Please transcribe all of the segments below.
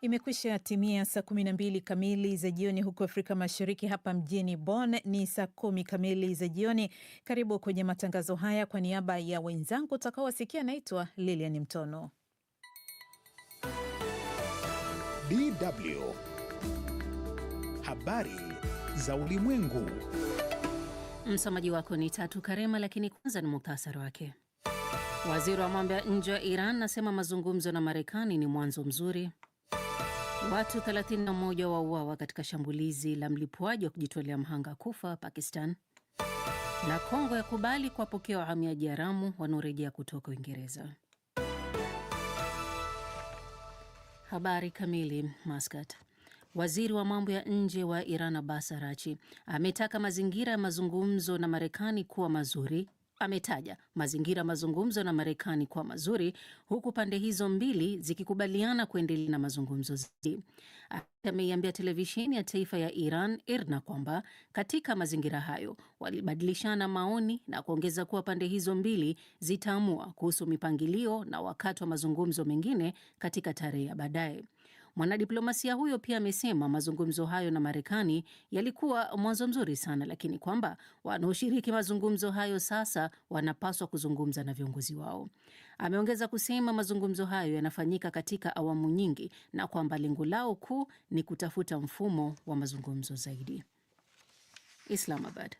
Imekwisha timia saa 12 kamili za jioni huko Afrika Mashariki. Hapa mjini Bonn ni saa kumi kamili za jioni. Karibu kwenye matangazo haya. Kwa niaba ya wenzangu utakaowasikia, naitwa Lilian Mtono. DW Habari za Ulimwengu, msomaji wako ni Tatu Karema, lakini kwanza ni muhtasari wake. Waziri wa mambo ya nje wa Iran anasema mazungumzo na Marekani ni mwanzo mzuri. Watu 31 wauawa katika shambulizi la mlipuaji wa kujitolea mhanga kufa Pakistan, na Kongo yakubali kuwapokea wahamiaji haramu wanaorejea kutoka Uingereza. Habari kamili. maskat Waziri wa mambo ya nje wa Iran Abbas Arachi ametaka mazingira ya mazungumzo na Marekani kuwa mazuri Ametaja mazingira mazungumzo na Marekani kwa mazuri huku pande hizo mbili zikikubaliana kuendelea na mazungumzo zaidi. Ameiambia televisheni ya taifa ya Iran IRNA kwamba katika mazingira hayo walibadilishana maoni na kuongeza kuwa pande hizo mbili zitaamua kuhusu mipangilio na wakati wa mazungumzo mengine katika tarehe ya baadaye. Mwanadiplomasia huyo pia amesema mazungumzo hayo na Marekani yalikuwa mwanzo mzuri sana, lakini kwamba wanaoshiriki mazungumzo hayo sasa wanapaswa kuzungumza na viongozi wao. Ameongeza kusema mazungumzo hayo yanafanyika katika awamu nyingi na kwamba lengo lao kuu ni kutafuta mfumo wa mazungumzo zaidi. Islamabad.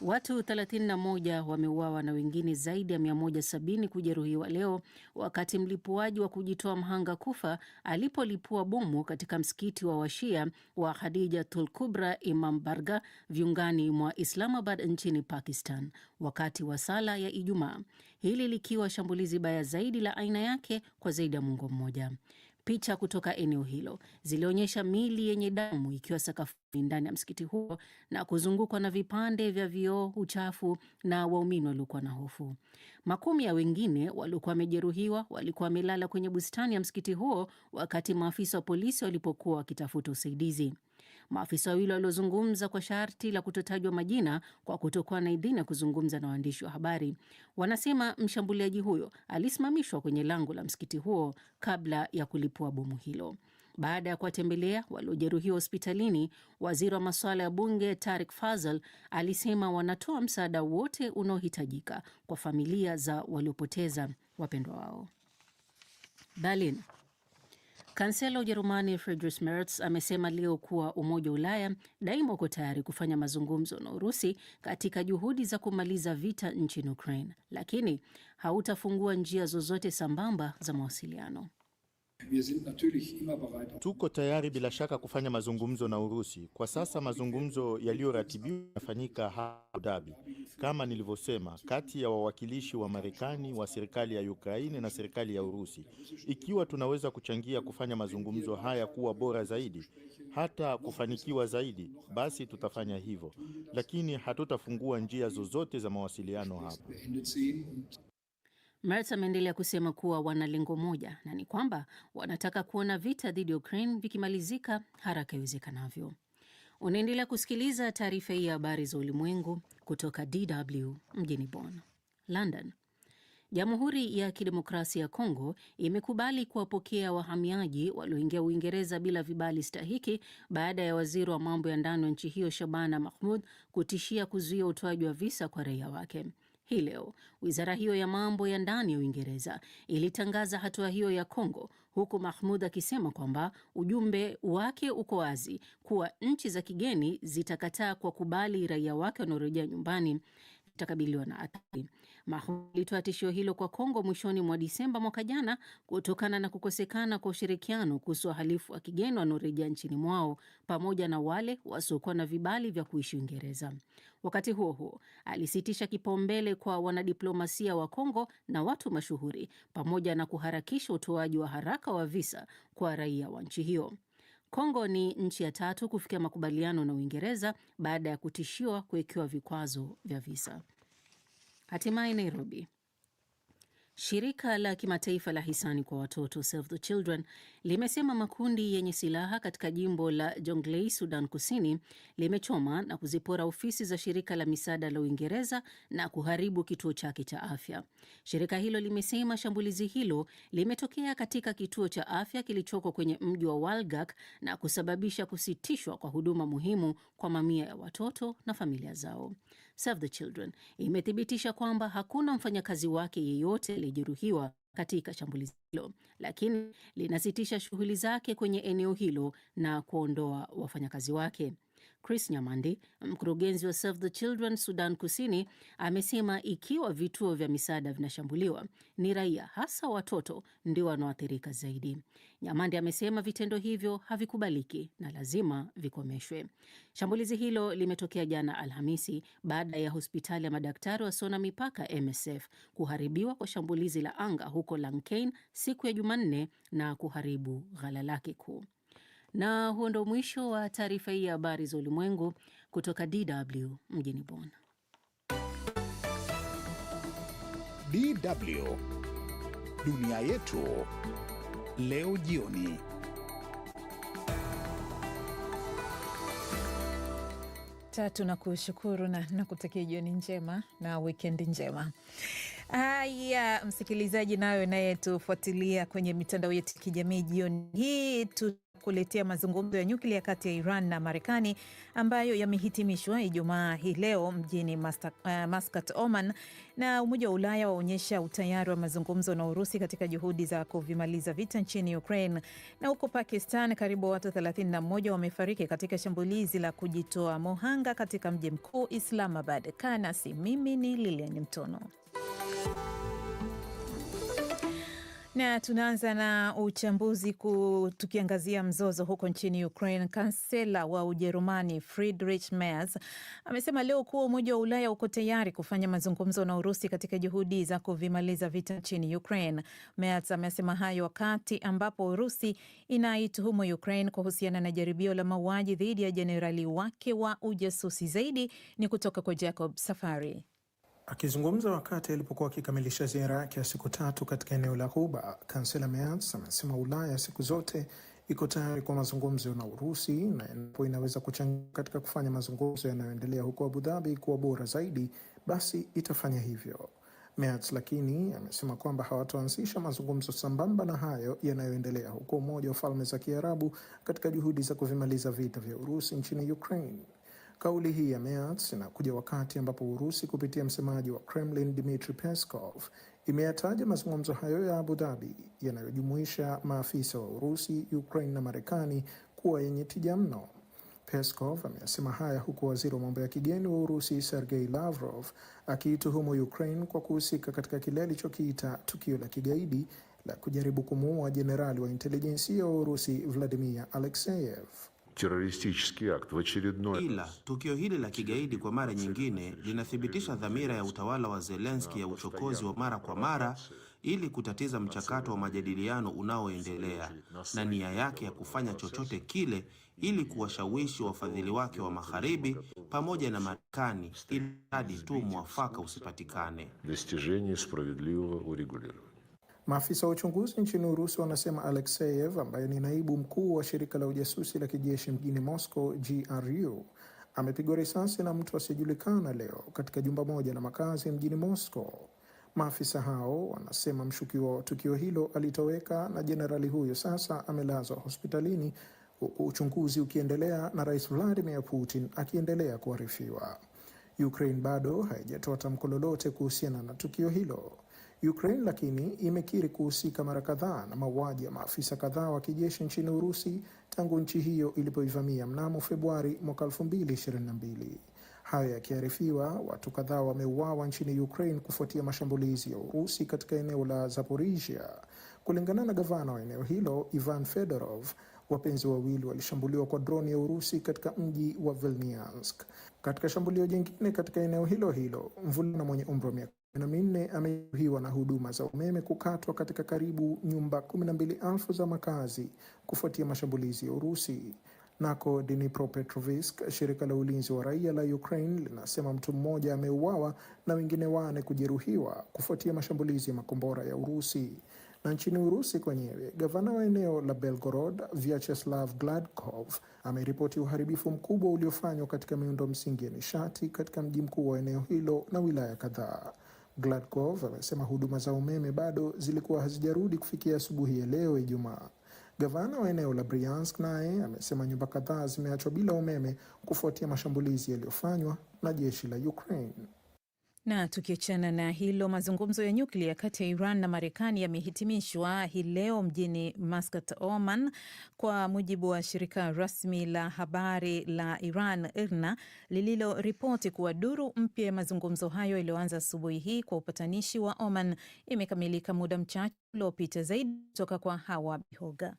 Watu 31 wameuawa na wengine zaidi ya 170 kujeruhiwa leo wakati mlipuaji wa kujitoa mhanga Kufa alipolipua bomu katika msikiti wa Washia wa Khadijatul Kubra Imam Barga viungani mwa Islamabad nchini Pakistan wakati wa sala ya Ijumaa, hili likiwa shambulizi baya zaidi la aina yake kwa zaidi ya muongo mmoja. Picha kutoka eneo hilo zilionyesha mili yenye damu ikiwa sakafuni ndani ya msikiti huo na kuzungukwa na vipande vya vioo, uchafu na waumini waliokuwa na hofu. Makumi ya wengine waliokuwa wamejeruhiwa walikuwa wamelala kwenye bustani ya msikiti huo wakati maafisa wa polisi walipokuwa wakitafuta usaidizi. Maafisa wawili waliozungumza kwa sharti la kutotajwa majina kwa kutokuwa na idhini ya kuzungumza na waandishi wa habari, wanasema mshambuliaji huyo alisimamishwa kwenye lango la msikiti huo kabla ya kulipua bomu hilo. Baada ya kuwatembelea waliojeruhiwa hospitalini, waziri wa masuala ya bunge Tarik fazl alisema wanatoa msaada wote unaohitajika kwa familia za waliopoteza wapendwa wao. Berlin. Kansela wa Ujerumani Friedrich Merz amesema leo kuwa Umoja wa Ulaya daima uko tayari kufanya mazungumzo na Urusi katika juhudi za kumaliza vita nchini Ukraine, lakini hautafungua njia zozote sambamba za mawasiliano. Tuko tayari bila shaka kufanya mazungumzo na Urusi. Kwa sasa mazungumzo yaliyoratibiwa yanafanyika Abu Dhabi, kama nilivyosema, kati ya wawakilishi wa Marekani, wa serikali ya Ukraine na serikali ya Urusi. Ikiwa tunaweza kuchangia kufanya mazungumzo haya kuwa bora zaidi, hata kufanikiwa zaidi, basi tutafanya hivyo, lakini hatutafungua njia zozote za mawasiliano hapa. Merz ameendelea kusema kuwa wana lengo moja na ni kwamba wanataka kuona vita dhidi ya Ukraine vikimalizika haraka iwezekanavyo. Unaendelea kusikiliza taarifa hii ya habari za ulimwengu kutoka DW mjini Bonn. London. Jamhuri ya Kidemokrasia ya Kongo imekubali kuwapokea wahamiaji walioingia Uingereza bila vibali stahiki baada ya waziri wa mambo ya ndani wa nchi hiyo Shabana Mahmud kutishia kuzuia utoaji wa visa kwa raia wake. Hii leo wizara hiyo ya mambo ya ndani ya Uingereza ilitangaza hatua hiyo ya Kongo, huku Mahmud akisema kwamba ujumbe wake uko wazi kuwa nchi za kigeni zitakataa kwa kubali raia wake wanaorejea nyumbani itakabiliwa na athari. Mahmud alitoa tishio hilo kwa Kongo mwishoni mwa Disemba mwaka jana kutokana na kukosekana kwa ushirikiano kuhusu wahalifu wa kigeni wanaorejea nchini mwao pamoja na wale wasiokuwa na vibali vya kuishi Uingereza. Wakati huo huo, alisitisha kipaumbele kwa wanadiplomasia wa Kongo na watu mashuhuri pamoja na kuharakisha utoaji wa haraka wa visa kwa raia wa nchi hiyo. Kongo ni nchi ya tatu kufikia makubaliano na Uingereza baada ya kutishiwa kuwekewa vikwazo vya visa. Hatimaye Nairobi. Shirika la kimataifa la hisani kwa watoto Save the Children limesema makundi yenye silaha katika jimbo la Jonglei, Sudan Kusini, limechoma na kuzipora ofisi za shirika la misaada la Uingereza na kuharibu kituo chake cha afya. Shirika hilo limesema shambulizi hilo limetokea katika kituo cha afya kilichoko kwenye mji wa Walgak na kusababisha kusitishwa kwa huduma muhimu kwa mamia ya watoto na familia zao. Save the Children imethibitisha kwamba hakuna mfanyakazi wake yeyote aliyejeruhiwa katika shambulizi hilo, lakini linasitisha shughuli zake kwenye eneo hilo na kuondoa wafanyakazi wake. Chris Nyamandi, mkurugenzi wa Save the Children Sudan Kusini, amesema ikiwa vituo vya misaada vinashambuliwa, ni raia hasa watoto ndio wanaoathirika zaidi. Nyamandi amesema vitendo hivyo havikubaliki na lazima vikomeshwe. Shambulizi hilo limetokea jana Alhamisi baada ya hospitali ya madaktari wasiona mipaka MSF kuharibiwa kwa shambulizi la anga huko Lankein siku ya Jumanne na kuharibu ghala lake kuu. Na huo ndo mwisho wa taarifa hii ya habari za ulimwengu kutoka DW mjini Bonn. DW dunia yetu leo jioni. Tatu na kushukuru na nakutakia jioni njema na wikendi njema. Haya msikilizaji, nayo naye tufuatilia kwenye mitandao yetu ya kijamii jioni hii tu kuletea mazungumzo ya nyuklia kati ya Iran na Marekani ambayo yamehitimishwa Ijumaa hii leo mjini mascat eh, uh, Oman. Na Umoja wa Ulaya waonyesha utayari wa mazungumzo na Urusi katika juhudi za kuvimaliza vita nchini Ukraine. Na huko Pakistan, karibu watu 31 wamefariki katika shambulizi la kujitoa mohanga katika mji mkuu Islamabad. Kanasi mimi ni Lilian Mtono. Na tunaanza na uchambuzi ku, tukiangazia mzozo huko nchini Ukraine. Kansela wa Ujerumani Friedrich Merz amesema leo kuwa Umoja wa Ulaya uko tayari kufanya mazungumzo na Urusi katika juhudi za kuvimaliza vita nchini Ukraine. Merz amesema hayo wakati ambapo Urusi inaituhumu Ukraine kuhusiana na jaribio la mauaji dhidi ya jenerali wake wa ujasusi. Zaidi ni kutoka kwa Jacob Safari. Akizungumza wakati alipokuwa akikamilisha ziara yake ya siku tatu katika eneo la Ghuba, Kansela Merz amesema Ulaya siku zote iko tayari kwa mazungumzo na Urusi na endapo inaweza kuchangia katika kufanya mazungumzo yanayoendelea huko Abu Dhabi kuwa bora zaidi, basi itafanya hivyo. Merz lakini amesema kwamba hawataanzisha mazungumzo sambamba na hayo yanayoendelea huko Umoja wa Falme za Kiarabu katika juhudi za kuvimaliza vita vya Urusi nchini Ukraine. Kauli hii ya Merz inakuja wakati ambapo Urusi kupitia msemaji wa Kremlin dmitri Peskov imeyataja mazungumzo hayo ya Abu Dhabi yanayojumuisha maafisa wa Urusi, Ukraine na Marekani kuwa yenye tija mno. Peskov ameyasema haya huku waziri wa mambo ya kigeni wa Urusi Sergei Lavrov akiituhumu Ukraine kwa kuhusika katika kile alichokiita tukio la kigaidi la kujaribu kumuua jenerali wa intelijensia wa Urusi Vladimir Alekseyev. Ila tukio hili la kigaidi kwa mara nyingine linathibitisha dhamira ya utawala wa zelenski ya uchokozi wa mara kwa mara ili kutatiza mchakato wa majadiliano unaoendelea na nia yake ya kufanya chochote kile ili kuwashawishi wafadhili wake wa magharibi pamoja na Marekani ili hadi tu mwafaka usipatikane. Maafisa wa uchunguzi nchini Urusi wanasema Alekseyev ambaye ni naibu mkuu wa shirika la ujasusi la kijeshi mjini Moscow GRU amepigwa risasi na mtu asiyejulikana leo katika jumba moja la makazi mjini Moscow. Maafisa hao wanasema mshukiwa wa tukio hilo alitoweka na jenerali huyo sasa amelazwa hospitalini huku uchunguzi ukiendelea na Rais Vladimir Putin akiendelea kuarifiwa. Ukraine bado haijatoa tamko lolote kuhusiana na tukio hilo. Ukraine lakini imekiri kuhusika mara kadhaa na mauaji ya maafisa kadhaa wa kijeshi nchini Urusi tangu nchi hiyo ilipoivamia mnamo Februari mwaka 2022. Hayo yakiarifiwa, watu kadhaa wameuawa nchini Ukraine kufuatia mashambulizi ya Urusi katika eneo la Zaporizhia. Kulingana na gavana wa eneo hilo Ivan Fedorov, Wapenzi wawili walishambuliwa kwa droni ya Urusi katika mji wa Vilniansk. Katika shambulio jingine katika eneo hilo hilo, mvulana mwenye umri wa miaka na minne amejeruhiwa na huduma za umeme kukatwa katika karibu nyumba mbili alfu za makazi kufuatia mashambulizi ya Urusi. Nako Dnipropetrovsk, shirika la ulinzi wa raia la Ukraine linasema mtu mmoja ameuawa na wengine wane kujeruhiwa kufuatia mashambulizi ya makombora ya Urusi. Na nchini Urusi kwenyewe, gavana wa eneo la Belgorod Vyacheslav Gladkov ameripoti uharibifu mkubwa uliofanywa katika miundo msingi ya nishati katika mji mkuu wa eneo hilo na wilaya kadhaa. Gladkov amesema huduma za umeme bado zilikuwa hazijarudi kufikia asubuhi ya leo Ijumaa. Gavana wa eneo la Bryansk naye amesema nyumba kadhaa zimeachwa bila umeme kufuatia mashambulizi yaliyofanywa na jeshi la Ukraine. Na tukiachana na hilo, mazungumzo ya nyuklia kati ya Iran na Marekani yamehitimishwa hii leo mjini Muscat, Oman, kwa mujibu wa shirika rasmi la habari la Iran IRNA lililoripoti kuwa duru mpya ya mazungumzo hayo yaliyoanza asubuhi hii kwa upatanishi wa Oman imekamilika muda mchache uliopita. Zaidi kutoka kwa Hawa Bihoga.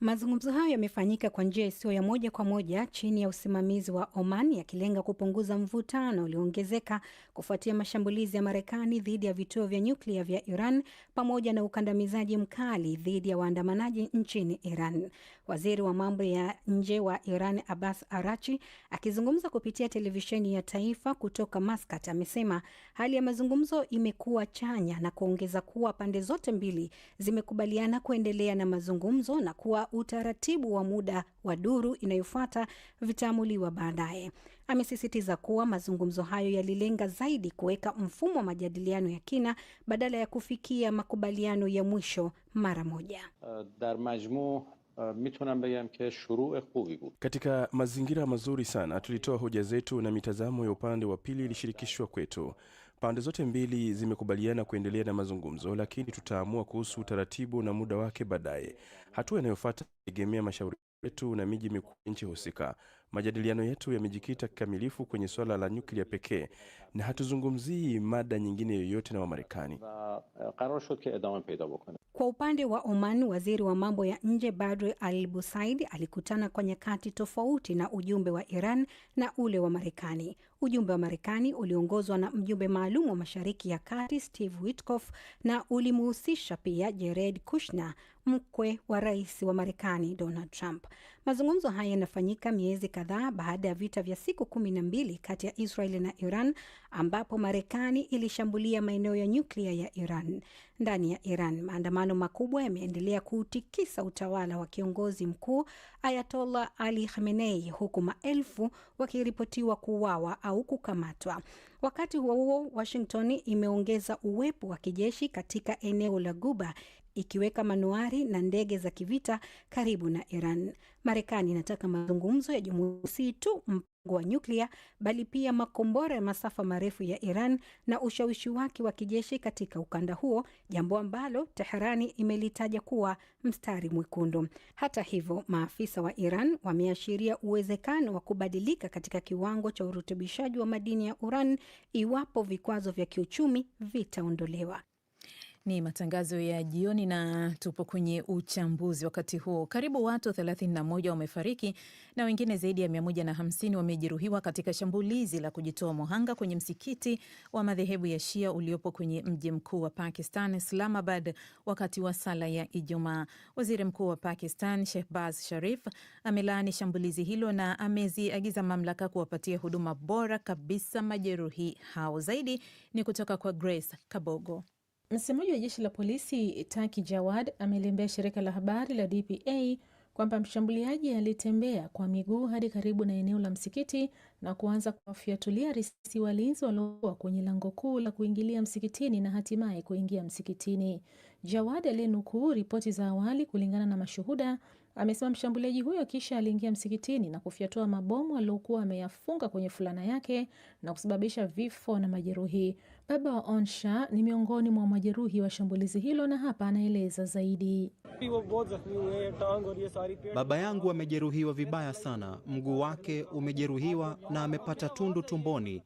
Mazungumzo hayo yamefanyika kwa njia isiyo ya moja kwa moja chini ya usimamizi wa Oman yakilenga kupunguza mvutano ulioongezeka kufuatia mashambulizi ya Marekani dhidi ya vituo vya nyuklia vya Iran pamoja na ukandamizaji mkali dhidi ya waandamanaji nchini Iran. Waziri wa mambo ya nje wa Iran Abbas Arachi akizungumza kupitia televisheni ya taifa kutoka maskat amesema hali ya mazungumzo imekuwa chanya na kuongeza kuwa pande zote mbili zimekubaliana kuendelea na mazungumzo na kuwa utaratibu wa muda wa duru inayofuata vitaamuliwa baadaye. Amesisitiza kuwa mazungumzo hayo yalilenga zaidi kuweka mfumo wa majadiliano ya kina badala ya kufikia makubaliano ya mwisho mara moja. Uh, Uh, mitunam bgam ke shuruu بود e katika mazingira mazuri sana. Tulitoa hoja zetu na mitazamo ya upande wa pili ilishirikishwa kwetu. Pande zote mbili zimekubaliana kuendelea na mazungumzo, lakini tutaamua kuhusu utaratibu na muda wake baadaye. Hatua inayofata tegemea mashauri yetu na miji mikuu nchi husika. Majadiliano yetu yamejikita kikamilifu kwenye swala la nyuklia pekee na hatuzungumzii mada nyingine yoyote na Wamarekani. Eh, kwa upande wa Oman, waziri wa mambo ya nje Badr Al Busaid alikutana kwa nyakati tofauti na ujumbe wa Iran na ule wa Marekani. Ujumbe wa Marekani uliongozwa na mjumbe maalum wa Mashariki ya Kati Steve Witkoff na ulimhusisha pia Jared Kushner, mkwe wa rais wa Marekani Donald Trump. Mazungumzo haya yanafanyika miezi kadhaa baada ya vita vya siku kumi na mbili kati ya israel na Iran ambapo Marekani ilishambulia maeneo ya nyuklia ya Iran. Ndani ya Iran, maandamano makubwa yameendelea kuutikisa utawala wa kiongozi mkuu Ayatollah Ali Khamenei, huku maelfu wakiripotiwa kuuawa au kukamatwa. Wakati huo huo, Washington imeongeza uwepo wa kijeshi katika eneo la Guba ikiweka manuari na ndege za kivita karibu na Iran. Marekani inataka mazungumzo ya jumuiya si tu wa nyuklia bali pia makombora ya masafa marefu ya Iran na ushawishi wake wa kijeshi katika ukanda huo, jambo ambalo Teherani imelitaja kuwa mstari mwekundu. Hata hivyo, maafisa wa Iran wameashiria uwezekano wa kubadilika katika kiwango cha urutubishaji wa madini ya uran iwapo vikwazo vya kiuchumi vitaondolewa. Ni matangazo ya jioni na tupo kwenye uchambuzi wakati huu. Karibu watu 31 wamefariki na wengine zaidi ya 150 wamejeruhiwa katika shambulizi la kujitoa muhanga kwenye msikiti wa madhehebu ya Shia uliopo kwenye mji mkuu wa Pakistan, Islamabad, wakati wa sala ya Ijumaa. Waziri Mkuu wa Pakistan Shehbaz Sharif amelaani shambulizi hilo na ameziagiza mamlaka kuwapatia huduma bora kabisa majeruhi hao. Zaidi ni kutoka kwa Grace Kabogo. Msemaji wa jeshi la polisi Taki Jawad ameliambia shirika la habari la DPA kwamba mshambuliaji alitembea kwa miguu hadi karibu na eneo la msikiti na kuanza kuwafyatulia risasi walinzi waliokuwa kwenye lango kuu la kuingilia msikitini na hatimaye kuingia msikitini. Jawad aliyenukuu ripoti za awali, kulingana na mashuhuda, amesema mshambuliaji huyo kisha aliingia msikitini na kufyatua mabomu aliokuwa ameyafunga kwenye fulana yake na kusababisha vifo na majeruhi. Baba wa Onsha ni miongoni mwa majeruhi wa shambulizi hilo na hapa anaeleza zaidi. Baba yangu amejeruhiwa vibaya sana, mguu wake umejeruhiwa na amepata tundu tumboni.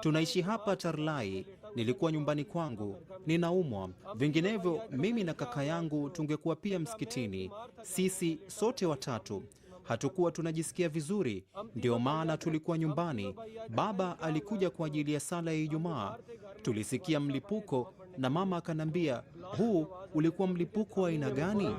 Tunaishi hapa Tarlai, nilikuwa nyumbani kwangu, ninaumwa. Vinginevyo mimi na kaka yangu tungekuwa pia msikitini, sisi sote watatu hatukuwa tunajisikia vizuri, ndio maana tulikuwa nyumbani. Baba alikuja kwa ajili ya sala ya Ijumaa, tulisikia mlipuko na mama akanambia, huu ulikuwa mlipuko wa aina gani?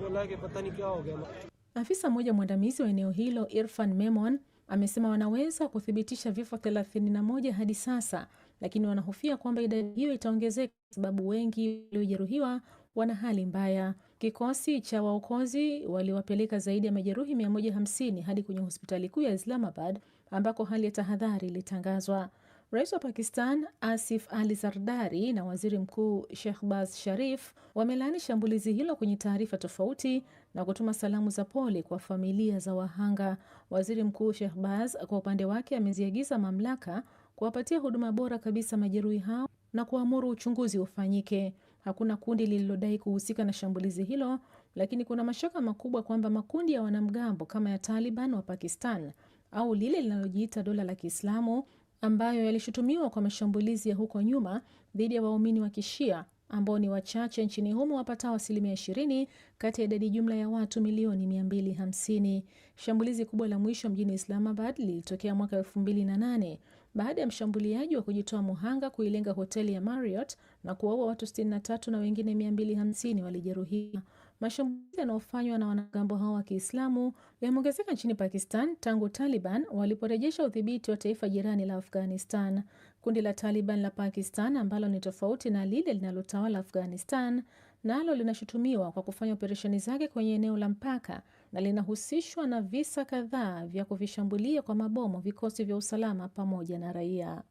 Afisa mmoja mwandamizi wa eneo hilo Irfan Memon amesema wanaweza kuthibitisha vifo 31 hadi sasa, lakini wanahofia kwamba idadi hiyo itaongezeka kwa sababu wengi waliojeruhiwa wana hali mbaya. Kikosi cha waokozi waliwapeleka zaidi ya majeruhi 150 hadi kwenye hospitali kuu ya Islamabad ambako hali ya tahadhari ilitangazwa. Rais wa Pakistan Asif Ali Zardari na Waziri Mkuu Shehbaz Sharif wamelaani shambulizi hilo kwenye taarifa tofauti na kutuma salamu za pole kwa familia za wahanga. Waziri Mkuu Shehbaz kwa upande wake ameziagiza mamlaka kuwapatia huduma bora kabisa majeruhi hao na kuamuru uchunguzi ufanyike. Hakuna kundi lililodai kuhusika na shambulizi hilo, lakini kuna mashaka makubwa kwamba makundi ya wanamgambo kama ya Taliban wa Pakistan au lile linalojiita dola la Kiislamu ambayo yalishutumiwa kwa mashambulizi ya huko nyuma dhidi ya waumini wa Kishia ambao ni wachache nchini humo wapatao asilimia 20 kati ya idadi jumla ya watu milioni 250. Shambulizi kubwa la mwisho mjini Islamabad lilitokea mwaka 2008 baada ya mshambuliaji wa kujitoa muhanga kuilenga hoteli ya Marriott na kuwaua watu 63 na wengine 250 walijeruhiwa. Mashambulizi yanayofanywa na wanagambo hao wa Kiislamu yameongezeka nchini Pakistan tangu Taliban waliporejesha udhibiti wa taifa jirani la Afghanistan. Kundi la Taliban la Pakistan ambalo ni tofauti na lile linalotawala Afghanistan nalo linashutumiwa kwa kufanya operesheni zake kwenye eneo la mpaka na linahusishwa na visa kadhaa vya kuvishambulia kwa mabomu vikosi vya usalama pamoja na raia.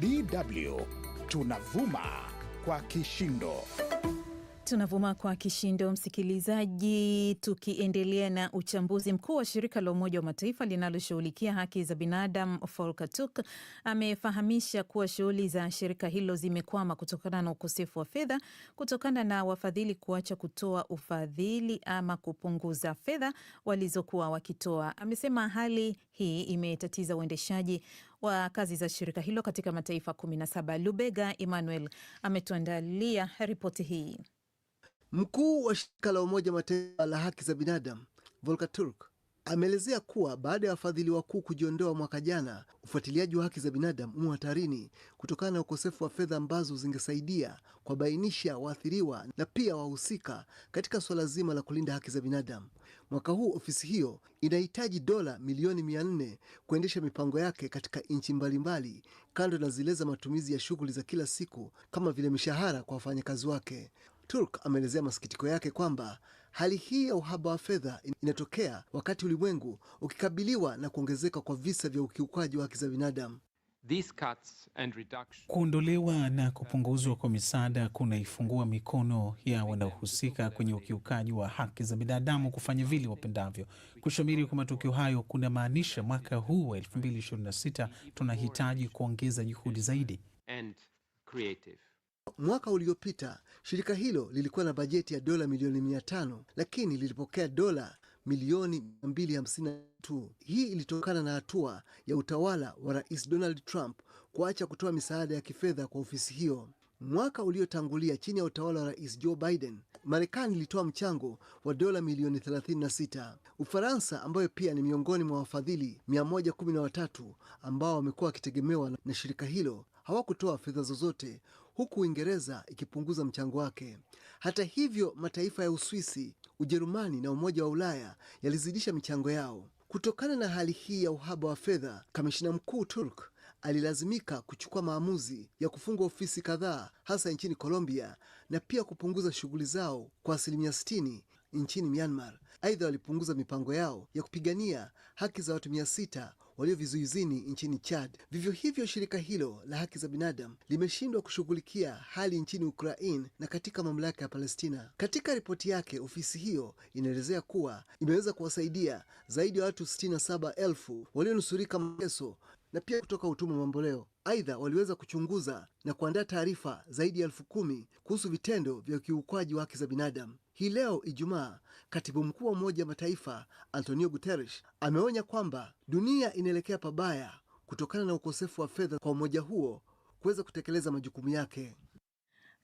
DW tunavuma kwa kishindo. Tunavuma kwa kishindo, msikilizaji, tukiendelea na uchambuzi. Mkuu wa shirika la Umoja wa Mataifa linaloshughulikia haki za binadamu Volker Turk amefahamisha kuwa shughuli za shirika hilo zimekwama kutokana na ukosefu wa fedha kutokana na wafadhili kuacha kutoa ufadhili ama kupunguza fedha walizokuwa wakitoa. Amesema hali hii imetatiza uendeshaji wa kazi za shirika hilo katika mataifa 17. Lubega Emmanuel ametuandalia ripoti hii. Mkuu wa shirika la Umoja Mataifa la haki za binadamu Volker Turk ameelezea kuwa baada ya wafadhili wakuu kujiondoa mwaka jana, ufuatiliaji wa haki za binadamu umo hatarini kutokana na ukosefu wa fedha ambazo zingesaidia kuwabainisha waathiriwa na pia wahusika katika suala zima la kulinda haki za binadamu. Mwaka huu ofisi hiyo inahitaji dola milioni mia nne kuendesha mipango yake katika nchi mbalimbali, kando na zile za matumizi ya shughuli za kila siku kama vile mishahara kwa wafanyakazi wake. Turk ameelezea masikitiko yake kwamba hali hii ya uhaba wa fedha inatokea wakati ulimwengu ukikabiliwa na kuongezeka kwa visa vya ukiukaji wa haki za binadamu. Kuondolewa na kupunguzwa kwa misaada kunaifungua mikono ya wanaohusika kwenye ukiukaji wa haki za binadamu kufanya vile wapendavyo. Kushamiri kwa matukio hayo kuna maanisha mwaka huu wa 2026 tunahitaji kuongeza juhudi zaidi and creative. Mwaka uliopita shirika hilo lilikuwa na bajeti ya dola milioni mia tano lakini lilipokea dola milioni 250 tu. Hii ilitokana na hatua ya utawala wa Rais Donald Trump kuacha kutoa misaada ya kifedha kwa ofisi hiyo. Mwaka uliotangulia chini ya utawala wa Rais Joe Biden, Marekani ilitoa mchango wa dola milioni 36. Ufaransa ambayo pia ni miongoni mwa wafadhili 113 ambao wamekuwa wakitegemewa na shirika hilo hawakutoa fedha zozote huku Uingereza ikipunguza mchango wake. Hata hivyo, mataifa ya Uswisi, Ujerumani na Umoja wa Ulaya yalizidisha michango yao. Kutokana na hali hii ya uhaba wa fedha, kamishina mkuu Turk alilazimika kuchukua maamuzi ya kufunga ofisi kadhaa hasa nchini Colombia na pia kupunguza shughuli zao kwa asilimia 60 nchini Myanmar. Aidha, walipunguza mipango yao ya kupigania haki za watu mia sita walio vizuizini nchini Chad. Vivyo hivyo, shirika hilo la haki za binadamu limeshindwa kushughulikia hali nchini Ukraine na katika mamlaka ya Palestina. Katika ripoti yake, ofisi hiyo inaelezea kuwa imeweza kuwasaidia zaidi ya watu 67,000 walionusurika mateso na pia kutoka utumwa mamboleo. Aidha, waliweza kuchunguza na kuandaa taarifa zaidi ya elfu kumi kuhusu vitendo vya ukiukwaji wa haki za binadamu. Hii leo Ijumaa, katibu mkuu wa Umoja wa Mataifa Antonio Guterres ameonya kwamba dunia inaelekea pabaya kutokana na ukosefu wa fedha kwa umoja huo kuweza kutekeleza majukumu yake.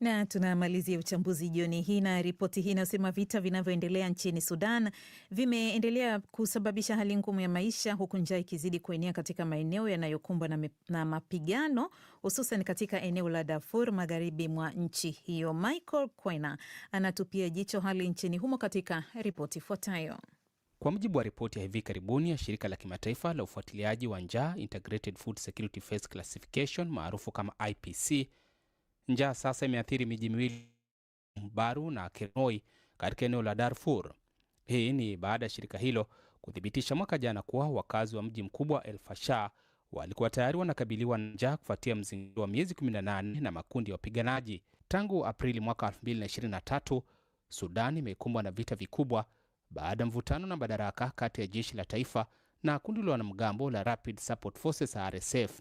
Na tunamalizia uchambuzi jioni hii na ripoti hii inasema vita vinavyoendelea nchini Sudan vimeendelea kusababisha hali ngumu ya maisha, huku njaa ikizidi kuenea katika maeneo yanayokumbwa na, na mapigano hususan katika eneo la Darfur magharibi mwa nchi hiyo. Michael Quena anatupia jicho hali nchini humo katika ripoti ifuatayo. Kwa mujibu wa ripoti ya hivi karibuni ya shirika la kimataifa la ufuatiliaji wa njaa Integrated Food Security Phase Classification maarufu kama IPC Njaa sasa imeathiri miji miwili Baru na kenoi katika eneo la Darfur. Hii ni baada ya shirika hilo kuthibitisha mwaka jana kuwa wakazi wa mji mkubwa El Fasher walikuwa tayari wanakabiliwa na njaa kufuatia mzingiro wa miezi 18 na makundi ya wapiganaji. Tangu Aprili mwaka 2023, Sudan imekumbwa na vita vikubwa baada ya mvutano na madaraka kati ya jeshi la taifa na kundi la wanamgambo la Rapid Support Forces RSF.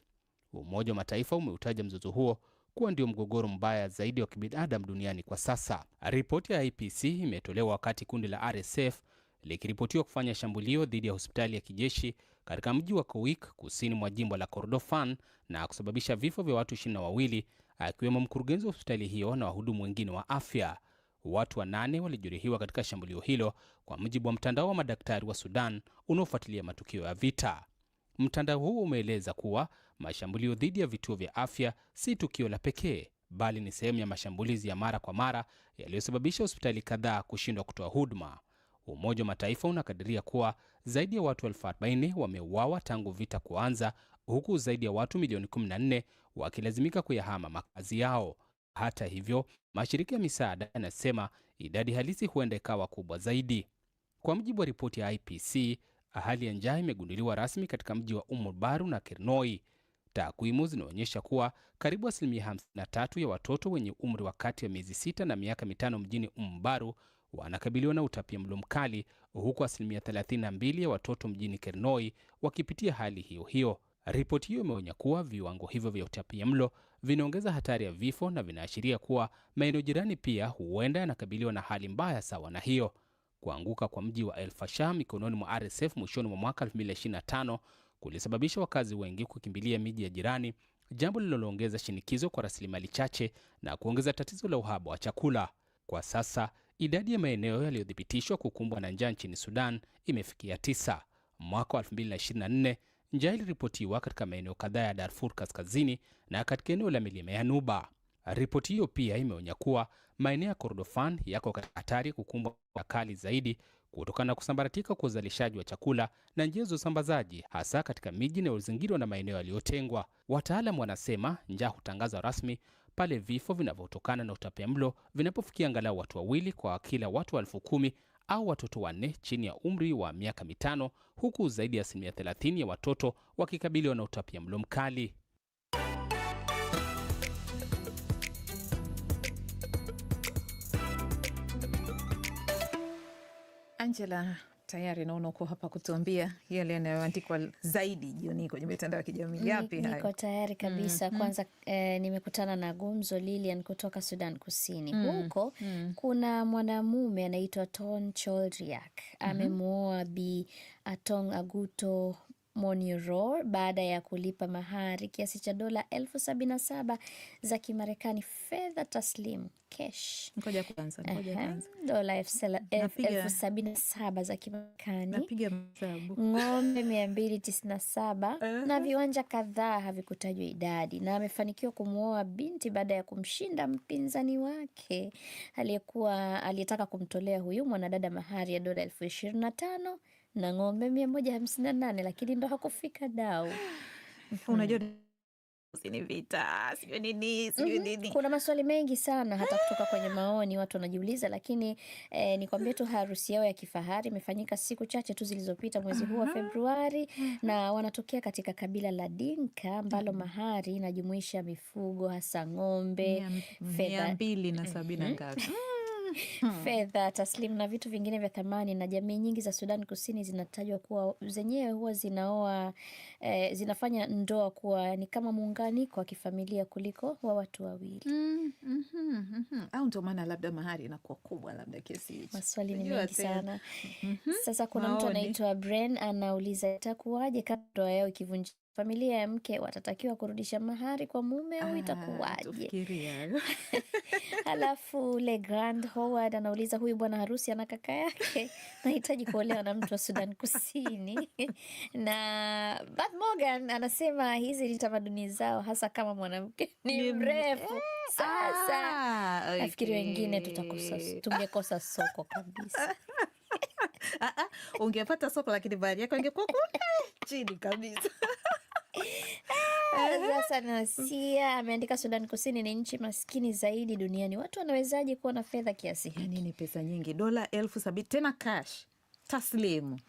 Umoja wa Mataifa umeutaja mzozo huo kuwa ndio mgogoro mbaya zaidi wa kibinadamu duniani kwa sasa. Ripoti ya IPC imetolewa wakati kundi la RSF likiripotiwa kufanya shambulio dhidi ya hospitali ya kijeshi katika mji wa Kowik kusini mwa jimbo la Kordofan na kusababisha vifo vya watu ishirini na wawili akiwemo mkurugenzi wa hospitali hiyo na wahudumu wengine wa afya. Watu wanane walijeruhiwa katika shambulio hilo, kwa mujibu wa mtandao wa madaktari wa Sudan unaofuatilia matukio ya vita. Mtandao huo umeeleza kuwa mashambulio dhidi ya vituo vya afya si tukio la pekee, bali ni sehemu ya mashambulizi ya mara kwa mara yaliyosababisha hospitali kadhaa kushindwa kutoa huduma. Umoja wa Mataifa unakadiria kuwa zaidi ya watu 40 wameuawa tangu vita kuanza, huku zaidi ya watu milioni 14 wakilazimika kuyahama makazi yao. Hata hivyo, mashirika ya misaada yanasema idadi halisi huenda ikawa kubwa zaidi. Kwa mujibu wa ripoti ya IPC, hali ya njaa imegunduliwa rasmi katika mji wa Umm baru na Kernoi. Takwimu zinaonyesha kuwa karibu asilimia 53 ya watoto wenye umri wa kati ya miezi sita na miaka mitano mjini Umm baru wanakabiliwa na utapia mlo mkali, huku asilimia 32 ya watoto mjini Kernoi wakipitia hali hiyo hiyo. Ripoti hiyo imeonya kuwa viwango hivyo vya utapia mlo vinaongeza hatari ya vifo na vinaashiria kuwa maeneo jirani pia huenda yanakabiliwa na hali mbaya sawa na hiyo. Kuanguka kwa mji wa El Fasher mikononi mwa RSF mwishoni mwa mwaka 2025 kulisababisha wakazi wengi kukimbilia miji ya jirani, jambo lililoongeza shinikizo kwa rasilimali chache na kuongeza tatizo la uhaba wa chakula. Kwa sasa, idadi ya maeneo yaliyothibitishwa kukumbwa na njaa nchini Sudan imefikia tisa. Mwaka wa 2024 njaa iliripotiwa katika maeneo kadhaa ya Darfur Kaskazini na katika eneo la milima ya Nuba. Ripoti hiyo pia imeonya kuwa maeneo ya Kordofan yako hatari kukumbwa na kali zaidi kutokana na kusambaratika kwa uzalishaji wa chakula na njia za usambazaji, hasa katika miji inayozingirwa na maeneo yaliyotengwa. Wataalamu wanasema njaa hutangazwa rasmi pale vifo vinavyotokana na utapiamlo vinapofikia angalau watu wawili kwa kila watu elfu kumi au watoto wanne chini ya umri wa miaka mitano, huku zaidi ya asilimia 30 ya watoto wakikabiliwa na utapiamlo mkali. Angela, tayari naona uko hapa kutuambia yale yanayoandikwa zaidi jioni kwenye mitandao ya kijamii yapi? Hayo niko tayari mm, kabisa. Mm. Kwanza eh, nimekutana na gumzo Lilian kutoka Sudan Kusini. Mm. Huko mm. kuna mwanamume anaitwa Ton choldriak mm-hmm. amemwoa Bi Atong Aguto Moniro baada ya kulipa mahari kiasi cha dola elfu sabini na saba za Kimarekani, fedha taslim cash. Ngoja kwanza, ngoja kwanza, dola elfu sabini na saba za Kimarekani, ng'ombe mia mbili tisini na saba na viwanja kadhaa havikutajwa idadi, na amefanikiwa kumwoa binti baada ya kumshinda mpinzani wake aliyekuwa aliyetaka kumtolea huyu mwanadada mahari ya dola elfu ishirini na tano na ng'ombe mia moja hamsini na nane lakini ndo hakufika dau. Unajua ni vita, sijui nini, sijui mm-hmm. nini. Kuna maswali mengi sana hata kutoka kwenye maoni watu wanajiuliza, lakini eh, nikwambie tu harusi yao ya kifahari imefanyika siku chache tu zilizopita mwezi huu wa Februari, na mm-hmm. wanatokea katika kabila la Dinka ambalo mm-hmm. mahari inajumuisha mifugo hasa ng'ombe. mia mbili na sabini na ngapi Hmm. fedha taslimu na vitu vingine vya thamani. Na jamii nyingi za Sudan Kusini zinatajwa kuwa zenyewe huwa zinaoa eh, zinafanya ndoa kuwa ni kama muunganiko wa kifamilia kuliko wa watu wawili mm-hmm. mm-hmm. au ndio maana labda mahari inakuwa kubwa, labda kesi hichi. Maswali ni mengi sana mm-hmm. Sasa kuna Maoni. mtu anaitwa Bren anauliza itakuwaje kama ndoa yao ikivunjika familia ya mke watatakiwa kurudisha mahari kwa mume au ah, itakuwaje? Halafu Le Grand Howard anauliza huyu bwana harusi ana kaka yake, nahitaji kuolewa na mtu wa Sudan Kusini. na Beth Morgan anasema hizi ni tamaduni zao, hasa kama mwanamke ni mrefu. Eh, sasa ah, nafikiri okay, wengine tutakosa, tungekosa soko kabisa. Ah, ah, ungepata soko lakini bahari yako ingekuwa chini kabisa. Ah, eh, ah. Sasa ameandika Sudan Kusini ni nchi maskini zaidi duniani. Watu wanawezaje kuwa na fedha kiasi hiki? Yaani pesa nyingi, dola elfu sabini tena cash taslimu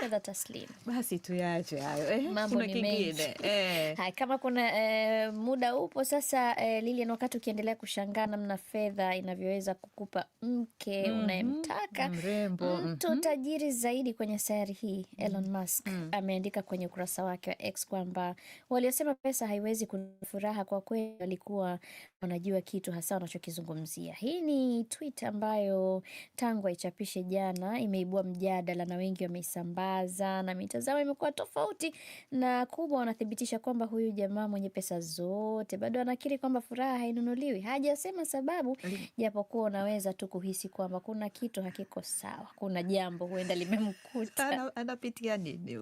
fedha taslim. Basi tuyaache hayo eh, mambo ni mengine eh. Hai, kama kuna eh, muda upo sasa eh, Lilian, wakati ukiendelea kushangaa namna fedha inavyoweza kukupa mke mm -hmm. unayemtaka mrembo mtu mm -hmm. tajiri zaidi kwenye sayari hii mm -hmm. Elon mhm. Musk mm -hmm. ameandika kwenye ukurasa wake wa X kwamba waliosema pesa haiwezi kunifuraha kwa kweli walikuwa wanajua kitu hasa wanachokizungumzia. Hii ni tweet ambayo tangu aichapishe jana imeibua mjadala na wengi wameisambaza na mitazamo imekuwa tofauti, na kubwa wanathibitisha kwamba huyu jamaa mwenye pesa zote bado anakiri kwamba furaha hainunuliwi. Hajasema sababu, japokuwa unaweza tu kuhisi kwamba kuna kitu hakiko sawa, kuna jambo huenda limemkuta. Anapitia nini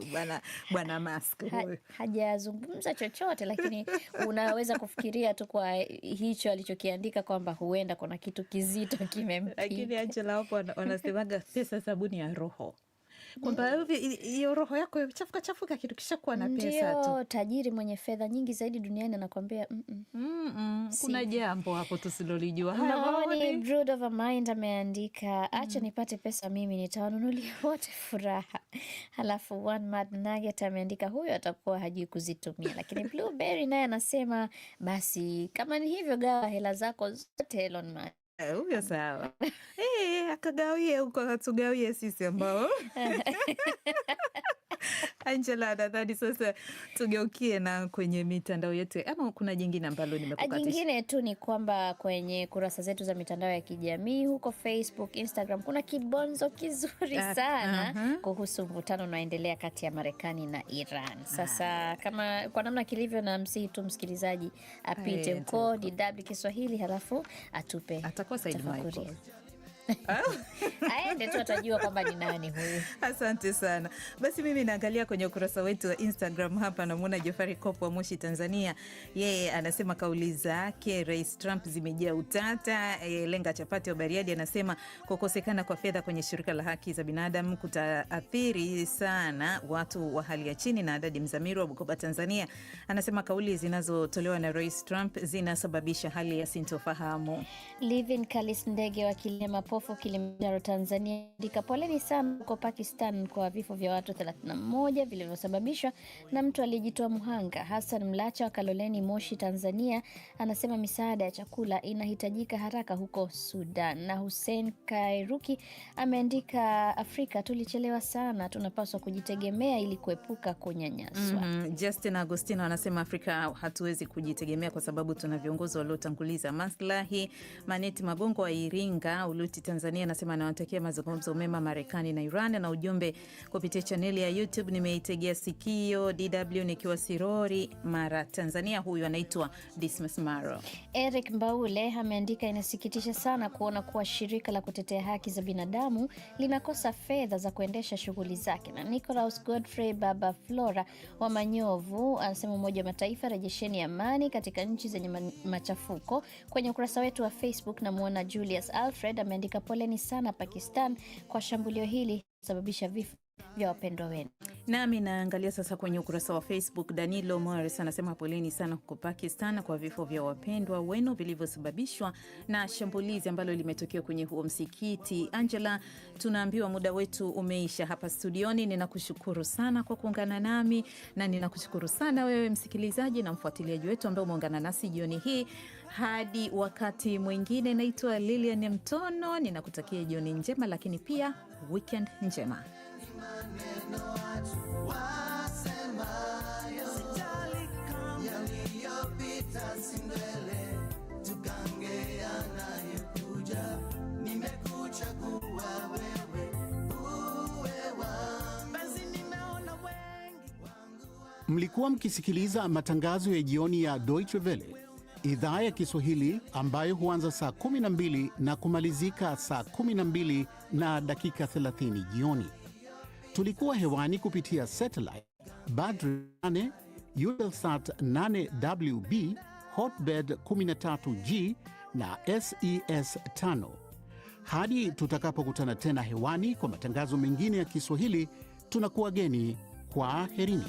bwana Musk huyu? Hajazungumza chochote, lakini unaweza kufikiria tu kwa hii hicho alichokiandika kwamba huenda kuna kitu kizito kimempiga. Lakini Angela, wapo wanasemaga pesa sabuni ya roho kwamba mm. hiyo roho yako chafuka chafuka kitu kisha kuwa na pesa tu. Ndio tajiri mwenye fedha nyingi zaidi duniani anakuambia mm -mm. mm -mm. kuna jambo hapo tusilolijua. Naoni Brood of a Mind ameandika acha mm. nipate pesa mimi nitawanunulia wote furaha. Halafu One Mad Nugget ameandika huyo atakuwa hajui kuzitumia, lakini Blueberry naye anasema basi kama ni hivyo gawa hela zako zote Elon Musk. Eh, huyo sawa. Eh, akagawie huko, atugawie sisi ambao Angela, nadhani sasa tugeukie na kwenye mitandao yetu, ama kuna jingine ambalo nimekukatisha? Jingine tu ni kwamba kwenye kurasa zetu za mitandao ya kijamii huko Facebook, Instagram, kuna kibonzo kizuri ah, sana uh -huh. kuhusu mvutano unaoendelea kati ya Marekani na Iran. Sasa ah. kama kwa namna kilivyo, na msihi tu msikilizaji apite huko DW Kiswahili halafu atupe atakosa aende tu atajua kwamba ni nani huyu. Asante sana. Basi mimi naangalia kwenye ukurasa wetu wa Instagram hapa, namwona Jafari Kopo wa Moshi, Tanzania. Yeye anasema kauli zake Rais Trump zimejaa utata. E, lenga chapati wa Bariadi anasema kukosekana kwa fedha kwenye shirika la haki za binadamu kutaathiri sana watu wa hali ya chini. Na Adadi Mzamiru wa Bukoba, Tanzania anasema kauli zinazotolewa na Rais Trump zinasababisha hali ya sintofahamu. Kalis Ndege wa Kilema Mpofu, Kilimanjaro, Tanzania, andika poleni sana huko Pakistan kwa vifo vya watu 31 vilivyosababishwa na mtu aliyejitoa mhanga. Hassan Mlacha wa Kaloleni, Moshi, Tanzania, anasema misaada ya chakula inahitajika haraka huko Sudan. Na Hussein Kairuki ameandika Afrika tulichelewa sana, tunapaswa kujitegemea ili kuepuka kunyanyaswa. Mm -hmm. Justin Agostino anasema Afrika hatuwezi kujitegemea kwa sababu tuna viongozi waliotanguliza maslahi. Maneti Magongo wa Iringa, Uluti Tanzania anasema anawatakia mazungumzo mema Marekani na Iran, na ujumbe kupitia chaneli ya YouTube nimeitegea sikio DW nikiwa Sirori Mara, Tanzania. Huyu anaitwa Dismas Maro. Eric Mbaule ameandika inasikitisha sana kuona kuwa shirika la kutetea haki za binadamu linakosa fedha za kuendesha shughuli zake. Na Nicolaus Godfrey Baba Flora wa Manyovu anasema Umoja wa Mataifa, rejesheni amani katika nchi zenye machafuko. Kwenye ukurasa wetu wa Facebook namwona Julius Alfred ameandika kuandika poleni sana Pakistan kwa shambulio hili kusababisha vifo vya wapendwa wenu. Nami naangalia sasa kwenye ukurasa wa Facebook, Danilo Morris anasema poleni sana huko Pakistan kwa vifo vya wapendwa wenu vilivyosababishwa na shambulizi ambalo limetokea kwenye huo msikiti. Angela, tunaambiwa muda wetu umeisha hapa studioni. Ninakushukuru sana kwa kuungana nami na ninakushukuru sana wewe msikilizaji na mfuatiliaji wetu ambaye umeungana nasi jioni hii. Hadi wakati mwingine, naitwa Lilian Mtono, ninakutakia jioni njema, lakini pia weekend njema. Mlikuwa mkisikiliza matangazo ya jioni ya Deutsche Welle idhaa ya Kiswahili ambayo huanza saa 12 na kumalizika saa 12 na dakika 30 jioni. Tulikuwa hewani kupitia satellite Badr 8, Eutelsat 8WB, Hotbird 13G na SES 5. E Hadi tutakapokutana tena hewani kwa matangazo mengine ya Kiswahili, tunakuwa geni. herini